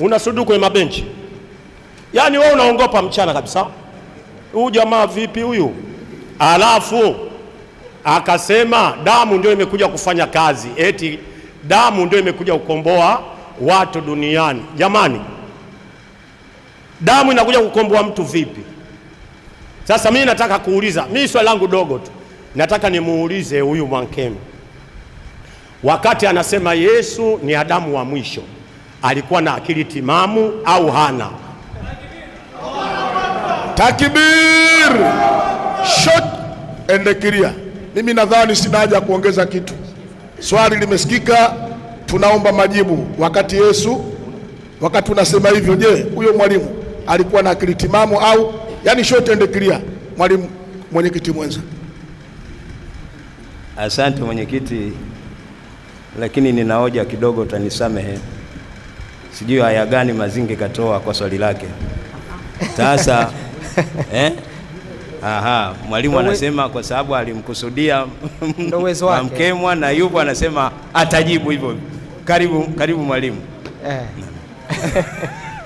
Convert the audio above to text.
unasudu kwenye mabenchi, yaani wewe unaongopa mchana kabisa, huyu jamaa vipi huyu? Alafu akasema damu ndio imekuja kufanya kazi, eti damu ndio imekuja kukomboa watu duniani. Jamani, damu inakuja kukomboa mtu vipi? Sasa mimi nataka kuuliza, mimi swali langu dogo tu, nataka nimuulize huyu Mwankemi wakati anasema Yesu ni Adamu wa mwisho alikuwa na akili timamu au hana? Takbir! Short and clear. Mimi nadhani sina haja kuongeza kitu. Swali limesikika, tunaomba majibu. Wakati Yesu wakati unasema hivyo, je, huyo mwalimu alikuwa na akili timamu au? Yani short and clear. Mwalimu mwenyekiti mwenza. Asante mwenyekiti, lakini nina hoja kidogo, utanisamehe sijui haya gani Mazinge katoa kwa swali lake. Sasa eh? Aha, mwalimu anasema kwa sababu alimkusudia mkemwa na yupo anasema atajibu hivyo. Karibu, karibu mwalimu eh.